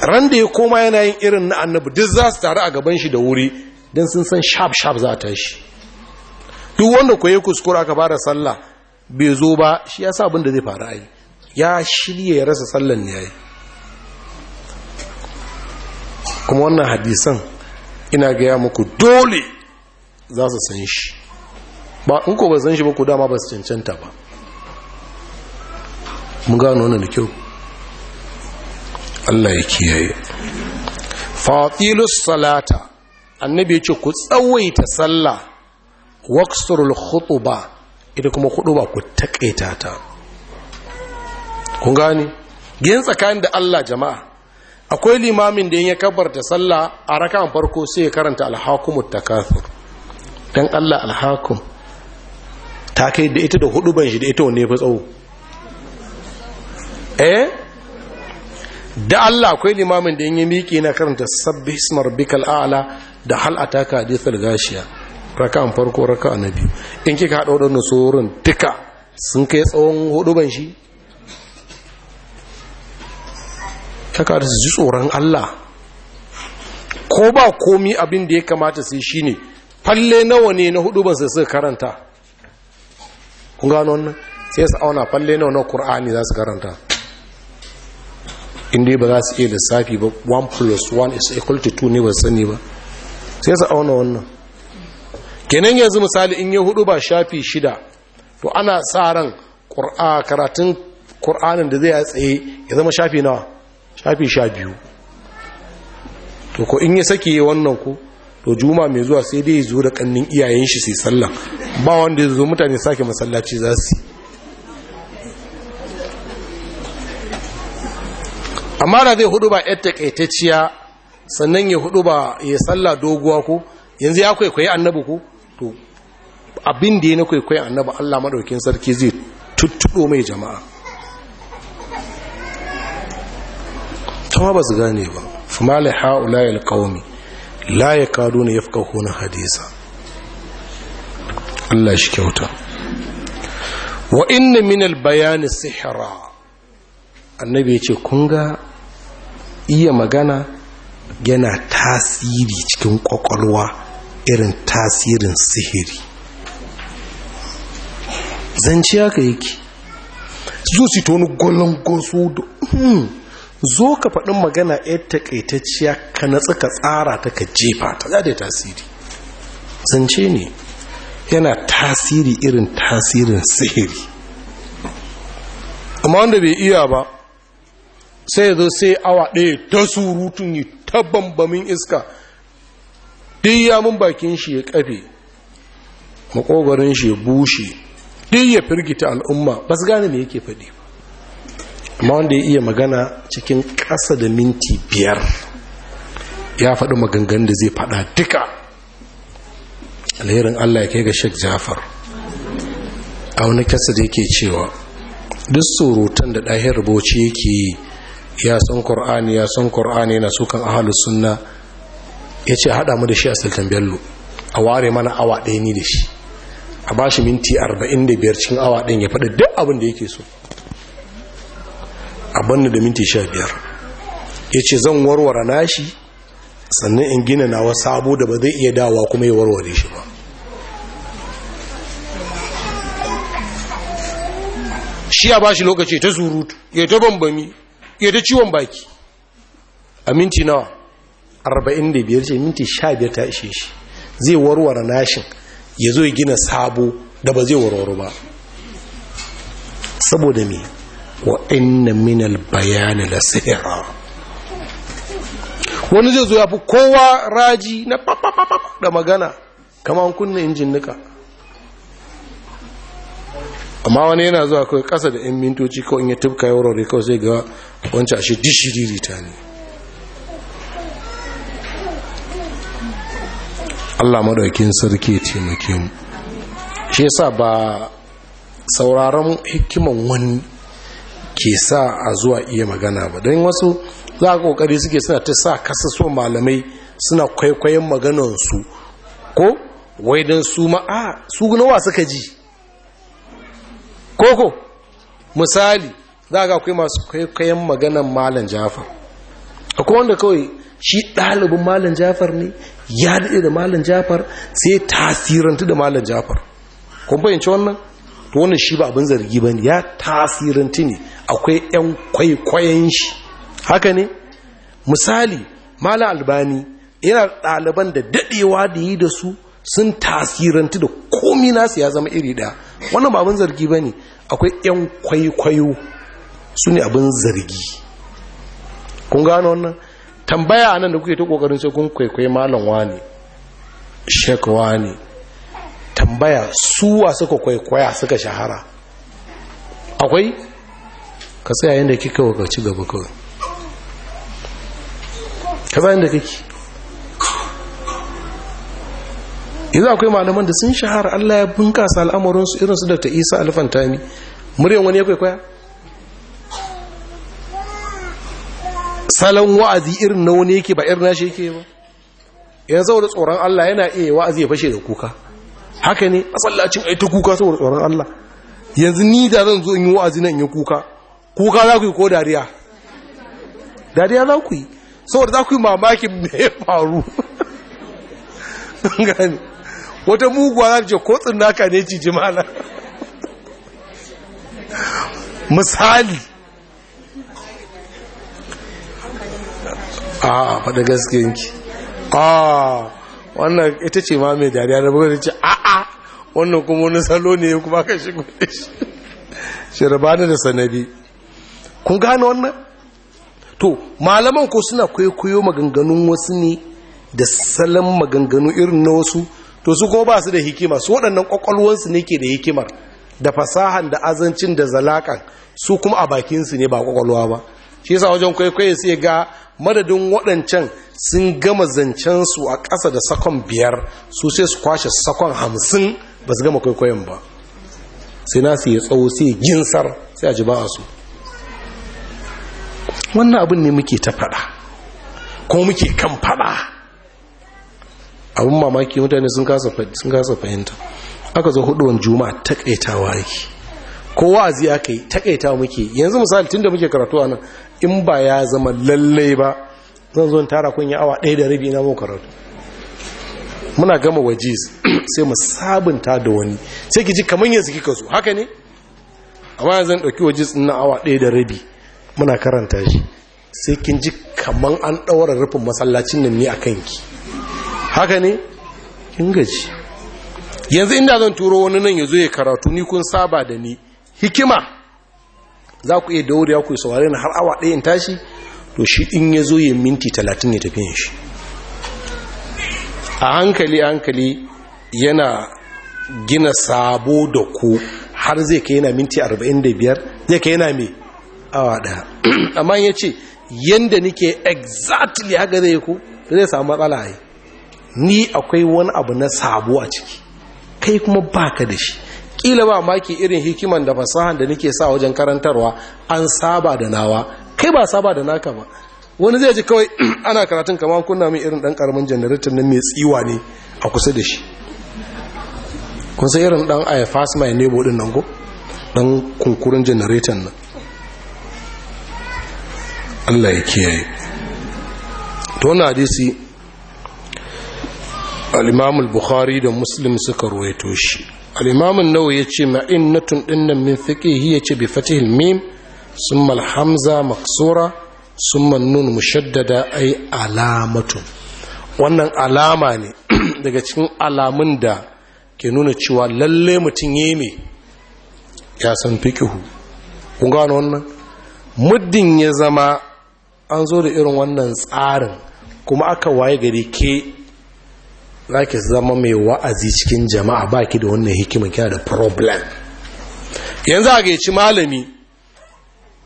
ran da ya koma yana yin irin na annabi duk za su taru a gaban shi da wuri don sun san shaf shaf za ta shi duk wanda ku yi kuskura aka fara sallah bai zo ba shi ya sa abin da zai faru yi. ya shirya ya rasa sallan ne yi. kuma wannan hadisan ina gaya muku dole za su san shi ba in ko ba san shi ba ku dama ba su cancanta ba mun gano wannan da kyau Allah ya kiyaye fatilus salata annabi ya ce ku tsawaita sallah waqsurul khutuba ita kuma ba ku taƙaita ta kun gane gin tsakanin da Allah jama'a akwai limamin da ya kabarta sallah a rakan farko sai ya karanta alhakumut takathur dan Allah alhakum ta kai da ita da hudu ban shi da ita wanne ya fi tsawo eh da Allah akwai limamin da yi miƙe na karanta sabbi ismar bikal a'la da hal ataka hadithul gashiya Raka an farko raka'a na biyu in kika haɗa waɗannan tsoron duka sun kai tsawon hudu ban shi ta kada su ji tsoron Allah ko ba komi abin da ya kamata sai shi ne falle nawa ne na hudu ban sai suka karanta kun gano wannan sai su auna falle nawa na Kur'ani za su karanta inda ba za su iya lissafi ba 1 plus 1 is equal to 2 ne ba sani ba sai su auna wannan kenan yanzu misali in ya hudu ba shafi shida to ana sa ran karatun Kur'anin da zai tsaye ya zama shafi nawa shafi sha biyu to ko in ya sake wannan ku to juma mai zuwa sai dai zo da kannin iyayen shi sai sallan ba wanda ya zo mutane sake masallaci za su amma da zai hudu ba yar takaitacciya sannan ya hudu ba ya salla doguwa ku? yanzu ya kwaikwayi annabu ku? abin da ya na kwaikwayon annaba Allah maɗaukin sarki zai tuttuɗo mai jama'a tama ba su gane ba fumali ha'ula ya alƙawami la layi kado na ya fi hadisa Allah shi kyauta wa inna min albayani sihira annabi ya ce kun ga iya magana yana tasiri cikin ƙwaƙwalwa irin tasirin sihiri zance ka yake zo su ta wani gwalon su da hmm, zo ka faɗin magana yar taƙaitacciya ka natsa ka tsara ta ka jefa ta za da tasiri zance ne yana tasiri irin tasirin sihiri amma wanda bai iya ba sai ya zo sai awa ɗaya ta surutun yi ta bambamin iska duk yamin bakin shi ya ƙafe makogarin shi ya bushe duk ya firgita al'umma ba su gane me yake faɗi amma wanda ya iya magana cikin ƙasa da minti biyar ya faɗi maganganu da zai faɗa duka alherin allah ya kai ga shek jafar a wani kasa da yake cewa duk surutan da ɗahin rubuci yake yi ya san Kur'ani ya san Kur'ani yana sukan ahalus sunna ya ce haɗa mu da shi a sultan bello a ware mana awa ɗaya ni da shi a ba shi minti 45 cikin awa ɗin ya faɗi duk abin da yake so banna da minti 15 ya ce zan warware nashi sannan in gina nawa sabo da ba zai iya dawa kuma ya warware shi ba shi ya ba shi lokaci ta surutu ya ta bambami ya ta ciwon baki a minti nawa 45 ce minti 15 ta ishe shi zai warware nashin ya zo ya gina sabo da ba zai warware ba saboda me wa minal bayani la sihira wani zai zo ya fi kowa raji na da magana kama an kunna injin nika amma wani yana zuwa kawai kasa da 'yan mintoci kawai ya tubka ya warware kawai sai ga wancan ashe dishiriri ta ne Allah maɗaukin sarki ya taimake mu shi yasa ba sauraron hikiman wani ke sa a zuwa iya magana ba don wasu za a kokari suke suna ta sa kasa so malamai suna kwaikwayon maganansu ko wai don su ma a ah, su nawa suka ji koko misali za ga akwai masu kwaikwayon maganan malam jafa akwai wanda kawai shi ɗalibin malam jafar ne ya daɗe da malam jafar sai tasirantu da malam jafar kun fahimci wannan to wannan shi ba abin zargi ba ne ya tasirantu ne akwai 'yan kwaikwayon shi haka ne misali malam albani yana ɗaliban da daɗewa da yi da su sun tasirantu da komi nasu ya zama iri ɗaya wannan ba abin zargi ba ne akwai 'yan kwaikwayo su ne abin zargi kun gano wannan tambaya nan da kuke ta kokarin sai kun kwaikwai malam wani shek wani tambaya suwa suka kwaikwaya suka shahara akwai ka tsaya yadda kika waka ci gaba kawai ka tsaya yadda kake yanzu akwai malaman da sun shahara Allah ya bunkasa al'amuransu irinsu da ta isa alfantani muryan wani ya kwaikwaya salon wa'azi irin na wani yake ba irin nashi yake ba yanzu saboda tsoron Allah yana iya wa'azi ya fashe da kuka haka ne masallacin ai ta kuka saboda tsoron Allah yanzu ni da zan zo in yi wa'azi nan in yi kuka kuka za ku yi ko dariya dariya za ku yi saboda za ku yi mamakin me ya faru gani wata muguwa za ta ce ko tsinaka ne ci jimala misali a faɗa gaskiyanki a wannan ita ce ma mai dariya da bugar ce a a wannan kuma wani salo ne kuma ka shigo da shi rabani da sanabi kun gane wannan to malaman ko suna kwaikwayo maganganun wasu ne da salon maganganu irin na wasu to su ko ba su da hikima su waɗannan ƙwaƙwalwansu ne ke da hikimar da fasahan da azancin da zalakan su kuma a bakinsu ne ba ƙwaƙwalwa ba shi yasa wajen kwaikwayo sai ga madadin waɗancan sun gama zancen su a ƙasa da sakon biyar su sai su kwashe sakon hamsin ba su gama kwaikwayon ba sai na su yi tsawo sai ginsar sai a ji ba a su wannan abin ne muke ta faɗa ko muke kan faɗa abin mamaki mutane sun kasa fahimta aka zo hudu wani juma'a ta takaitawa yake ko wa'azi aka yi takaita muke yanzu misali tun da muke karatu a nan in ba ya zama lalle ba zan zo tara kun yi awa ɗaya da rabi na mu karatu muna gama wajiz sai mu sabunta da wani sai ki ji kamar yanzu kika zo haka ne amma yanzu zan ɗauki wajiz na awa ɗaya da rabi muna karanta shi sai kin ji kamar an ɗaura rufin masallacin nan ne a kanki haka ne kin gaji yanzu inda zan turo wani nan ya zo ya karatu ni kun saba da ni hikima za ku iya ya ku saurari na har awa ɗaya in tashi to shi in ya zo ya minti talatin ya tafiyan shi a hankali hankali yana gina sabo da ku har zai kai yana minti 45 zai kai yana mai awa ɗaya amma ya ce yadda nike exactly haka zai ku zai samu matsala yi ni akwai wani abu na sabo a ciki kai kuma baka da shi kila ba maki irin hikiman da fasahan da nake sa wajen karantarwa an saba da nawa kai ba saba da naka ba wani zai ji kawai ana karatun kama kunna min irin dan karamin janaretin nan mai tsiwa ne a kusa da shi kun sai irin dan aya fast my neighbor din nan go dan kunkurin janaretin nan Allah ya kiyaye to na hadisi al-Imam bukhari da Muslim suka ruwaito shi al'imamun nawa ya ce ma'innatun ɗinnan min fiƙihi ya ce bi fatihil mim sun malhamza maksura sun mannun mushaddada ai alamatun wannan alama ne daga cikin alamun da ke nuna cewa lalle mutum ya mai ya san fiƙihu kun gano wannan muddin ya zama an zo da irin wannan tsarin kuma aka waye gari ke za ki zama mai wa'azi cikin jama'a ba ki da wannan hikimin kina da problem yanzu a gaici malami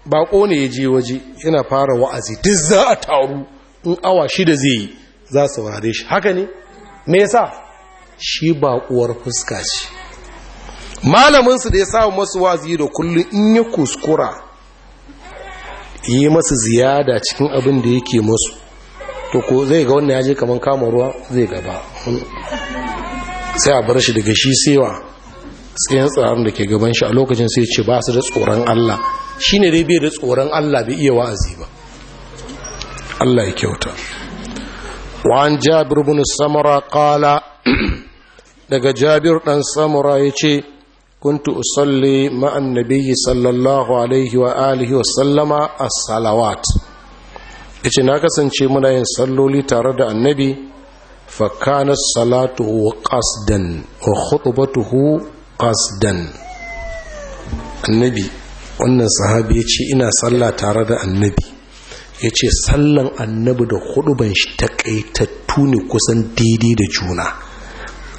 Baƙo ne ya je waje yana fara wa'azi duk za a taru in awa shida zai yi za su ware shi haka ne me yasa shi ba kuwar fuska ce malamin su da ya samu masu wa'azi da kullum in ya kuskura yi masu ziyada cikin abin da yake masu to ko zai ga wannan ya je kamar kama ruwa zai gaba sai a bar shi daga shi sewa tsayen tsarin da ke gaban shi a lokacin sai ce ba su da tsoron Allah shi ne dai bai da tsoron Allah bai iya wa'azi ba Allah ya kyauta an jabir bin samara kala daga jabir dan samara ya ce kuntu usalli ma'an nabiyyi sallallahu alaihi wa alihi wa sallama as-salawat yace na kasance muna yin salloli tare da annabi fa salatu wa qasdan wa khutbatuhu qasdan annabi wannan sahabi ya ce ina salla tare da annabi ya ce sallan annabi da khutban shi ta ne kusan daidai da juna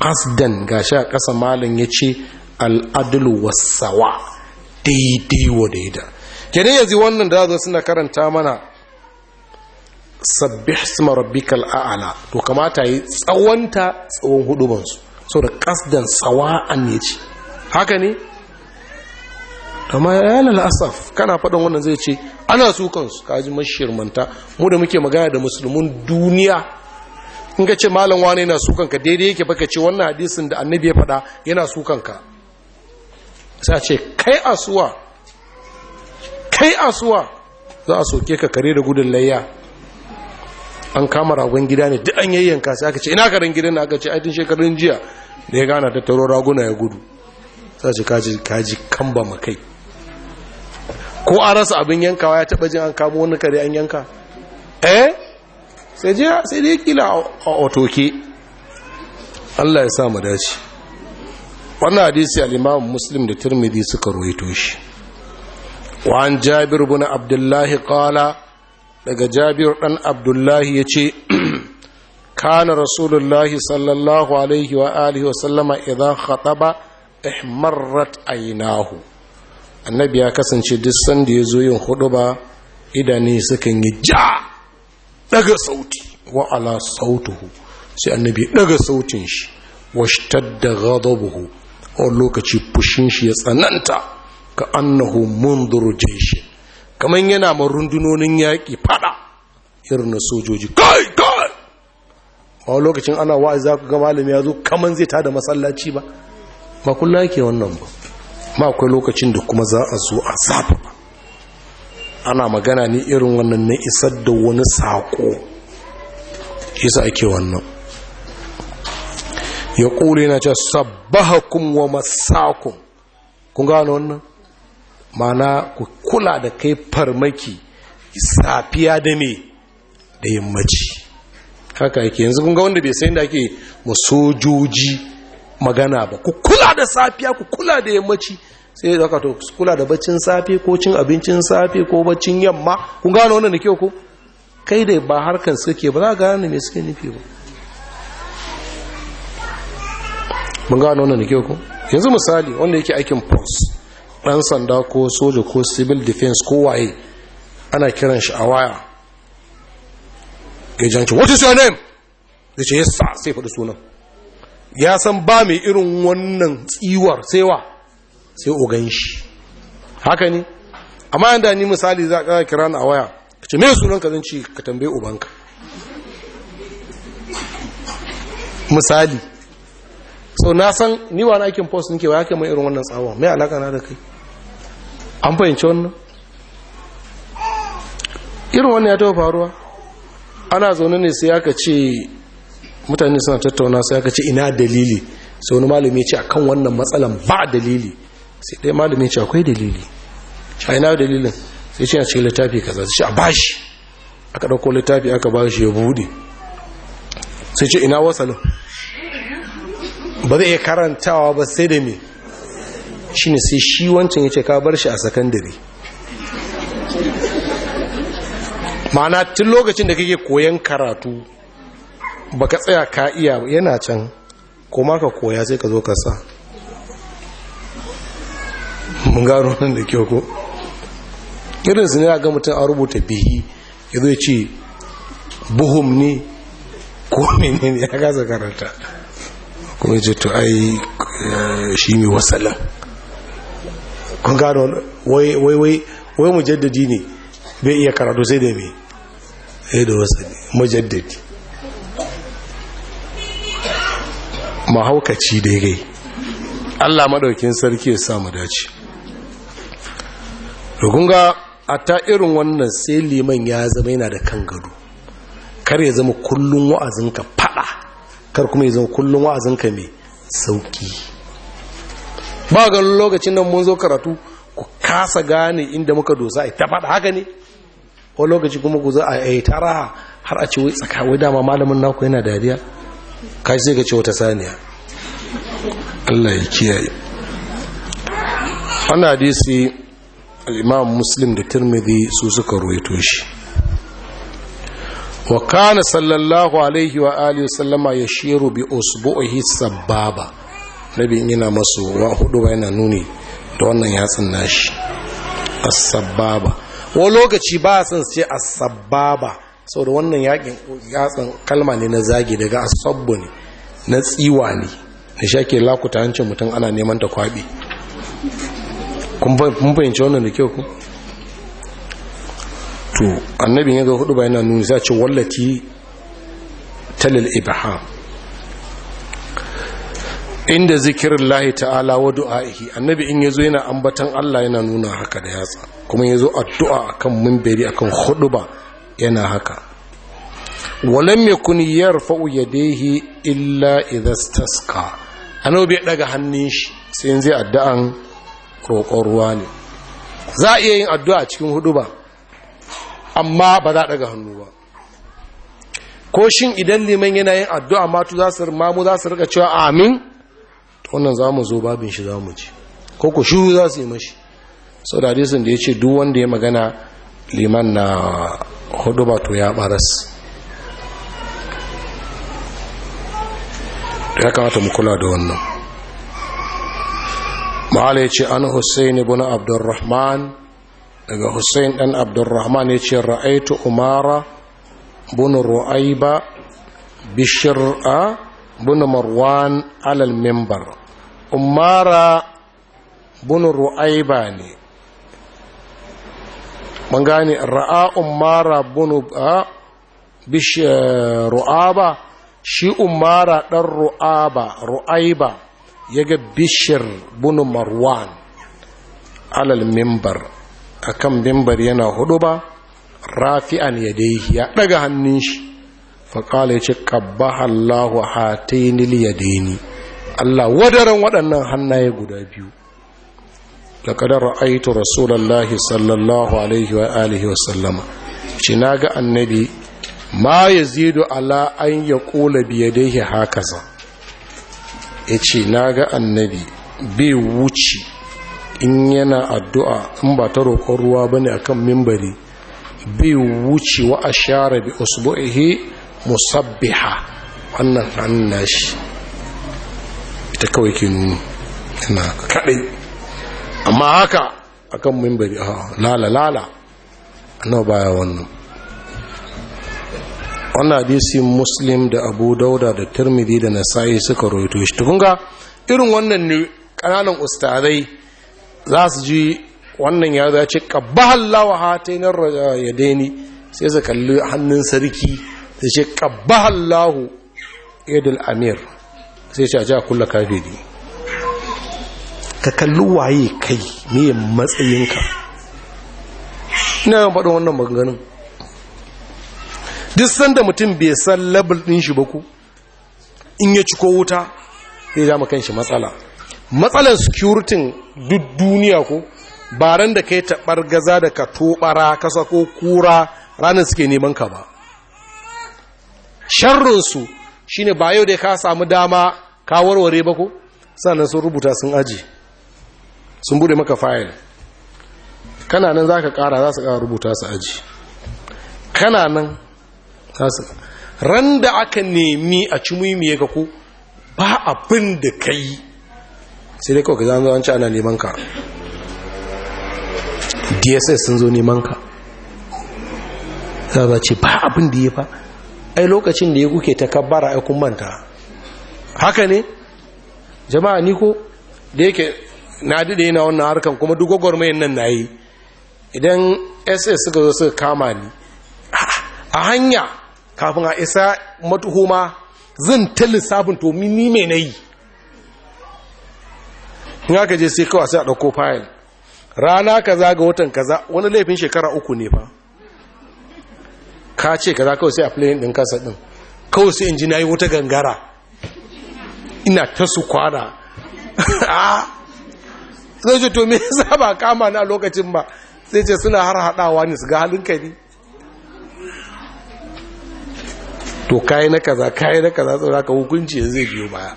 qasdan gashi a kasa malam ya ce adlu wasawa sawa daidai wa daida kenan yanzu wannan da zo suna karanta mana sabbih isma rabbikal a'ala to kamata yi tsawonta tsawon su so da kasdan sawa'an ya ce haka ne amma ya asaf kana faɗin wannan zai ce ana su kansu kaji mashirmanta mu da muke magana da musulmun duniya in ka ce malam wani yana su kanka daidai yake baka ce wannan hadisin da annabi ya faɗa yana su kanka sai ce kai asuwa kai asuwa za a soke ka kare da gudun layya an kama ragon gida ne duk an yanka sai aka ce ina karin gidan aka ce aitin shekarun jiya da ya gana tattaro raguna ya gudu sai ce kaji kaji kamba makai ko an rasa abin yankawa ya taba jin an kamo wani kare an yanka eh sai je sai dai kila a otoke Allah ya sa mu dace wannan hadisi al-Imam Muslim da Tirmidhi suka ruwaito shi wa an Jabir ibn Abdullah qala daga jabir ɗan abdullahi ya ce kana rasulullahi sallallahu alaihi wa alihi wasallama idan khataba ihmarrat ainahu annabi ya kasance duk sanda ya zo yin huduba idane sukan yi ja daga sauti wa ala sautuhu sai annabi daga sautin shi washtadda ghadabuhu a lokaci fushin shi ya tsananta ka annahu mundur shi. kamar yana ma rundunonin yaƙi fada irin na sojoji kai kai ba lokacin ana wa'azi za ku ga malami ya zo kamar zai tada masallaci ba ba kullum yake wannan ba ma akwai lokacin da kuma za a zo a zafi ba ana magana ne irin wannan na isar da wani saƙo isa ake wannan ya ƙuli na ce sabbahakun wa masakun kun gano wannan mana ku kula da kai farmaki safiya da me da yammaci haka yake yanzu kun ga wanda bai sayin da ake sojoji magana ba ku kula da safiya ku kula da yammaci sai ya zaka to kula da baccin safe ko cin abincin safe ko baccin yamma kun gano wannan da kyau ko kai da ba harkan suke ba za ka gane me suke nufi ba mun gano wannan da kyau ko yanzu misali wanda yake aikin post ɗan sanda ko soja ko civil defense ko waye ana kiran shi a waya janci what is your name zai ce yasa sai faɗi sunan ya san ba mai irin wannan tsiwar saiwa sai ogan shi haka ne amma yadda ni misali za ka kira ni a waya ka ce mai sunan ka zanci ka tambaye ubanka misali so na san ni wani na aikin post nike wa ya kai mai irin wannan tsawon, mai alaka na da kai an fahimci wannan irin wannan ya taba faruwa ana zaune ne sai aka ce mutane suna tattauna sai aka ce ina dalili sai wani malumi ce akan wannan matsalan ba dalili sai dai malumi ce akwai dalili a ina dalilin sai ce a cikin littafi kaza sai a bashi aka ɗauko littafi aka bashi ya buɗe sai ce ina wasalin ba zai iya karantawa ba sai da me shine sai shi wancan yace ka bar shi a sakandare Mana tun lokacin da kake koyan karatu baka tsaya ka iya yana can kuma ka koya sai ka zo ka sa mun gano nan da kyau ko irin su ne ga mutum a rubuta bihi ya zo ce buhum ne ko ne ya gaza karanta kuma ce to ai shi ne wasalan kun gano wai wai wai mujaddadi ne bai iya karatu sai da mai sai da wasu mujaddadi mahaukaci daidai allah maɗaukin sarki ya samu dace rukunga a ta irin wannan sai liman ya zama yana da kan gado kar ya zama kullum wa'azinka fada kar kuma ya zama kullum wa'azinka mai sauki ba ga lokacin nan mun zo karatu ku kasa gane inda muka dosa a ta faɗa haka ne ko lokaci kuma ku zo a yi tara har a ce wai tsakawai dama malamin naku yana dariya kai sai ka ce wata saniya Allah ya kiyaye wannan hadisi al muslim da tirmidhi su suka ruwaito shi wa kana sallallahu alaihi wa alihi wasallama yashiru bi usbu'ihi sababa in yana masu wa hudu ba yana nuni da wannan yatsun nashi asababa wa lokaci ba sun sai asababa saboda wannan yakin yatsun kalma ne na zagi daga asabbu ne na tsiwa ne da shake lakuta hancin mutum ana neman ta kwabi kun fahimci wannan da kyau ku to annabi ya ga hudu ba yana nuni sai ce wallati talil ibham inda zikirin lahi ta'ala wa du'a'ihi annabi in yazo yana ambatan Allah yana nuna haka da yatsa kuma yazo addu'a akan minbari akan ba yana haka walam yakun yarfa'u yadayhi illa idas istasqa annabi ya daga hannun shi sai yanzu addu'an roƙon ruwa ne za a iya yin addu'a cikin ba, amma ba za a daga hannu ba ko shin idan liman yana yin addu'a matu za su mamu za su rika cewa amin wannan za mu zo babin shi za mu ci ko ku shuru za su yi mashi sau da hadisun da ya ce duk wanda ya magana liman na hudu ba to ya baras ya kamata mu kula da wannan ma'ala ya ce an hussein ibn abdurrahman daga hussein dan abdurrahman ya ce ra'aitu umara bin ru'aiba bishir'a bin marwan alal mimbar umara bin ru'aiba ne mun ra'a umara bin bish ru'aba shi umara ɗan ru'aba ru'aiba yaga bishir bin marwan alal mimbar akan mimbar yana hudu ba rafi'an yadayhi ya daga hannun shi faƙala ya ce da yi ni. Allah wadaran waɗannan hannaye guda biyu laƙadar ra'aitu rasulallahi sallallahu alaihi wa alihi wa sallama shi na ga annabi ma ya zido ala an ya ƙola biyadaihi hakaza ya ce na ga annabi bai wuce in yana addu'a in ba ta roƙon ruwa ba ne a kan mimbari bai wuce wa a share bi usbu'ihi musabbiha wannan hannun shi ita kawai ke nuni tana kaɗai amma haka akan mimbari a lala lala annabi baya wannan wannan hadisi muslim da abu dauda da turmidi da nasa'i suka roito shi tukunga irin wannan ne kananan ustazai za su ji wannan ya zace ya ce ƙabba hallawa hatainin ya sai su kalli hannun sarki sai ce qabbahallahu idil amir sai ce a ja kafe ne ka kalli waye kai mai matsayinka ina yawan faɗin wannan maganganun duk sanda mutum bai san labul ɗin shi ba ku in ya ko wuta zai ja makan shi matsala Matsalar sikuritin duk duniya ko baran da kai taɓar gaza da ka tobara kasa ko kura ranar suke neman ka ba sharrinsu shi ne ba yau da ka samu dama ka warware ba ko sannan sun rubuta sun aji sun bude maka fayil kana nan za ka kara za su kara rubuta su aji kana nan za su ran da aka nemi a ci muhimmiye ka ko ba abin da ka yi sai dai kawai ka zama wancan ana neman ka dss sun zo neman ka za ce ba abin da ya fa ai lokacin da ya kuke ta kabbara ai kun manta haka ne jama'a ni ko da yake na dade na wannan harkan kuma duk gwagwarmayin nan na yi idan ss suka zo suka kama ni a hanya kafin a isa matuhuma zan ta lissafin to ni mai nayi. yi in aka je sai kawai sai a ɗauko fayil rana kaza ga watan kaza wani laifin shekara uku ne fa ka ce kaza kawai sai a filin din kasa ɗin kawai sai in ji na yi wuta gangara ina ta su kwana a ah! zai ce to me yasa ba kama na lokacin ba sai ce suna har haɗawa ne su ga halin ka ne to kayi na kaza kayi na kaza tsoro ka hukunci zai biyo baya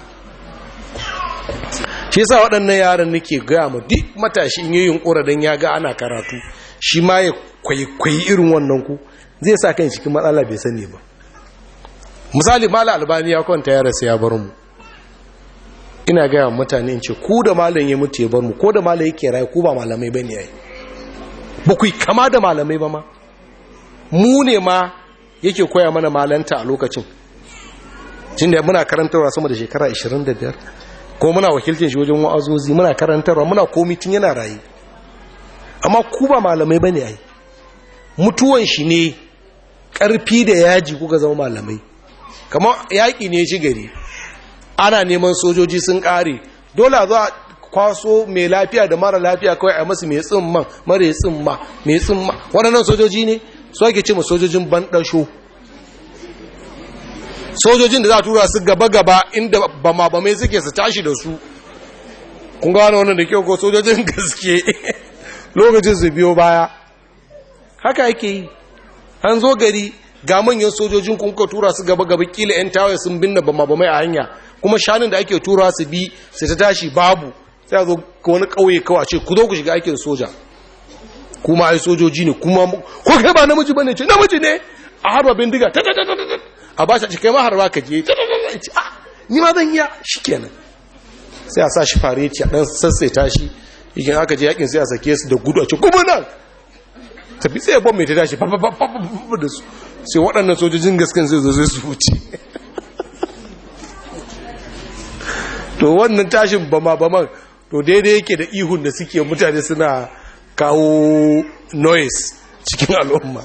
shi sa waɗannan yaran nake gaya mu duk matashi in yi yunkura dan ya ga ana karatu shi ma ya kwaikwayi irin wannan ku zai sa kan cikin matsala bai sani ba misali mala albani ya kwanta ya rasu ya bar mu ina gaya mutane in ce ku da malam ya mutu ya bar mu ko da malam yake rayu ku ba malamai ba ya yi ba ku kama da malamai ba ma mu ne ma yake koya mana malanta a lokacin cin da muna karantarwa sama da shekara 25 ko muna wakilcin shi wajen wa'azozi muna karantarwa muna komitin yana rayu amma ku ba malamai bane yi? mutuwan shi ne ƙarfi da yaji kuka zama malamai kamar yaƙi ne shi gari ana neman sojoji sun ƙare dole za kwaso mai lafiya da mara lafiya kawai a masu mai tsimman mara tsimma mai tsimma waɗannan sojoji ne su ake ce ma sojojin banɗasho sojojin da za a tura su gaba-gaba inda ba mai suke su tashi da su kun gano wannan da kyau ko sojojin gaske lokacin su biyo baya haka yake yi an zo gari ga manyan sojojin kun kuka tura su gaba gaba kila yan tawaye sun binne ba mabame a hanya kuma shanun da ake tura su bi su ta tashi babu sai a zo wani kauye kawa a ce ku zo ku shiga aikin soja kuma ai sojoji ne kuma ko kai ba namiji bane ce namiji ne a harba bindiga ta ta ta a ba shi kai ma harba ka je ta ta ta ta ah, ni ma zan iya shikenan sai a sa shi fareti a dan sassaita shi yakin aka je yakin sai a sake su da gudu a ce kuma nan tafi tsaye bom ta tashi da su sai waɗannan sojojin gaskan sai zo zai su wuce to wannan tashin bama-baman to daidai yake da ihun da suke mutane suna kawo noise cikin al'umma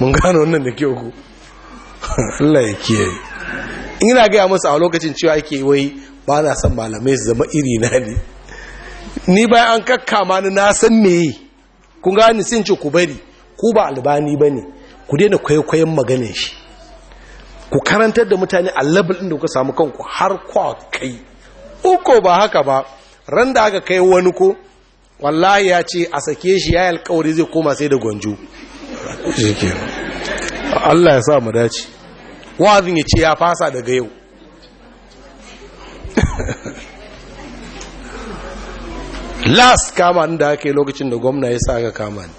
mun gano wannan da kyau ku Allah ya kiyaye ina gaya masa a lokacin cewa ake wai ba na son malamai zama iri na ne ni bayan an kakkama ni na san me kun gani sun ce ku bari ku ba albani ba ne ku daina kwaikwayon maganin shi ku karantar da mutane a level ɗin da kuka samu kanku har kwa kai uko ba haka ba ran da aka kai wani ko wallahi ya ce a sake shi ya yi alkawari zai koma sai da gwanjo Allah ya sa mu dace wazin ya ce ya fasa daga yau last kama da aka yi lokacin da gwamna ya sa aka kama ni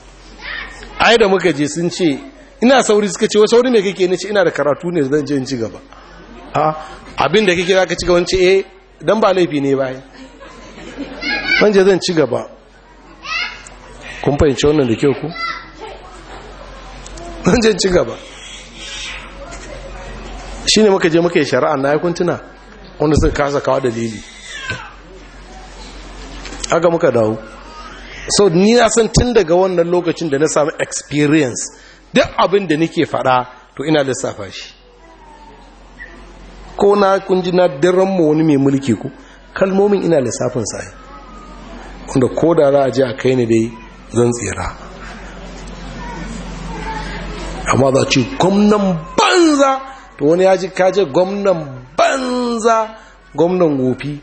ai da muka je sun ce ina sauri suka ce wa sauri ne kake ni ce ina da karatu ne zan je in ci gaba abin da kake zaka ci gaba ce eh dan ba laifi ne ba Zan je zan ci gaba kun fahimci wannan da kyau ku zan je ci gaba shine muka je muka yi shari'a na ya kuntuna wanda suka kasa kawo dalili haka muka dawo so ni na san tun daga wannan lokacin da na samu experience duk abin da nake faɗa to ina lissafa shi ko na kunji na daren mu wani mai mulki ku kalmomin ina lissafin sa wanda ko da za a je a kai ni dai zan tsira amma za ce gwamnan banza to wani ya ji kaje gwamnan banza gwamnan gofi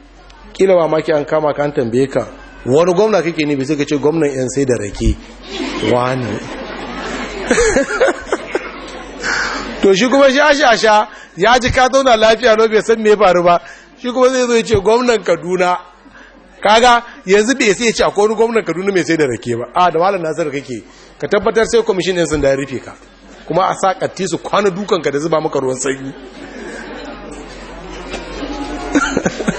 kila ba maki an kama ka an tambaye ka wani gwamna kake ne bai sai ka ce gwamnan yan sai da rake wani to shi kuma sha sha sha ya ji ka zauna lafiya no bai san me faru ba shi kuma zai zo ya ce gwamnan kaduna kaga yanzu bai sai ya ce akwai wani gwamnan kaduna mai sai da rake ba a da wala nasar kake ka tabbatar sai kwamishin yan sun da rufe ka kuma a sa katti su kwana dukanka da zuba maka ruwan sanyi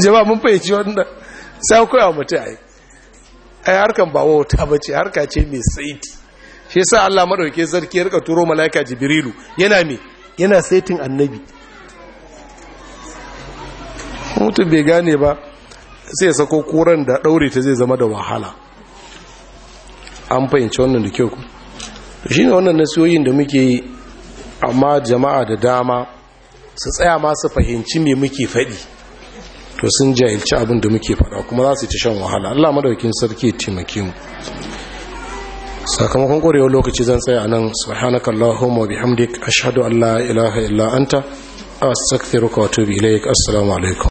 jama mun fahimci wannan sai koya mutu ai ai harkan ba wauta ce harka ce mai saiti shi yasa Allah madauke sarki ya rika turo malaika jibrilu yana me yana saitin annabi mutum bai gane ba sai ya sako kuran da daure ta zai zama da wahala an fahimci wannan da kyau ku shi ne wannan nasiyoyin da muke yi amma jama'a da dama su tsaya ma su fahimci me muke faɗi to sun jahilci abin da muke fada kuma za su ci shan wahala Allah madaukin sarki ya taimake mu sakamakon ƙwarewar lokaci zan tsaya nan subhanakallahumma wa bihamdik ashhadu an la ilaha illa anta astaghfiruka wa atubu ilaik assalamu alaikum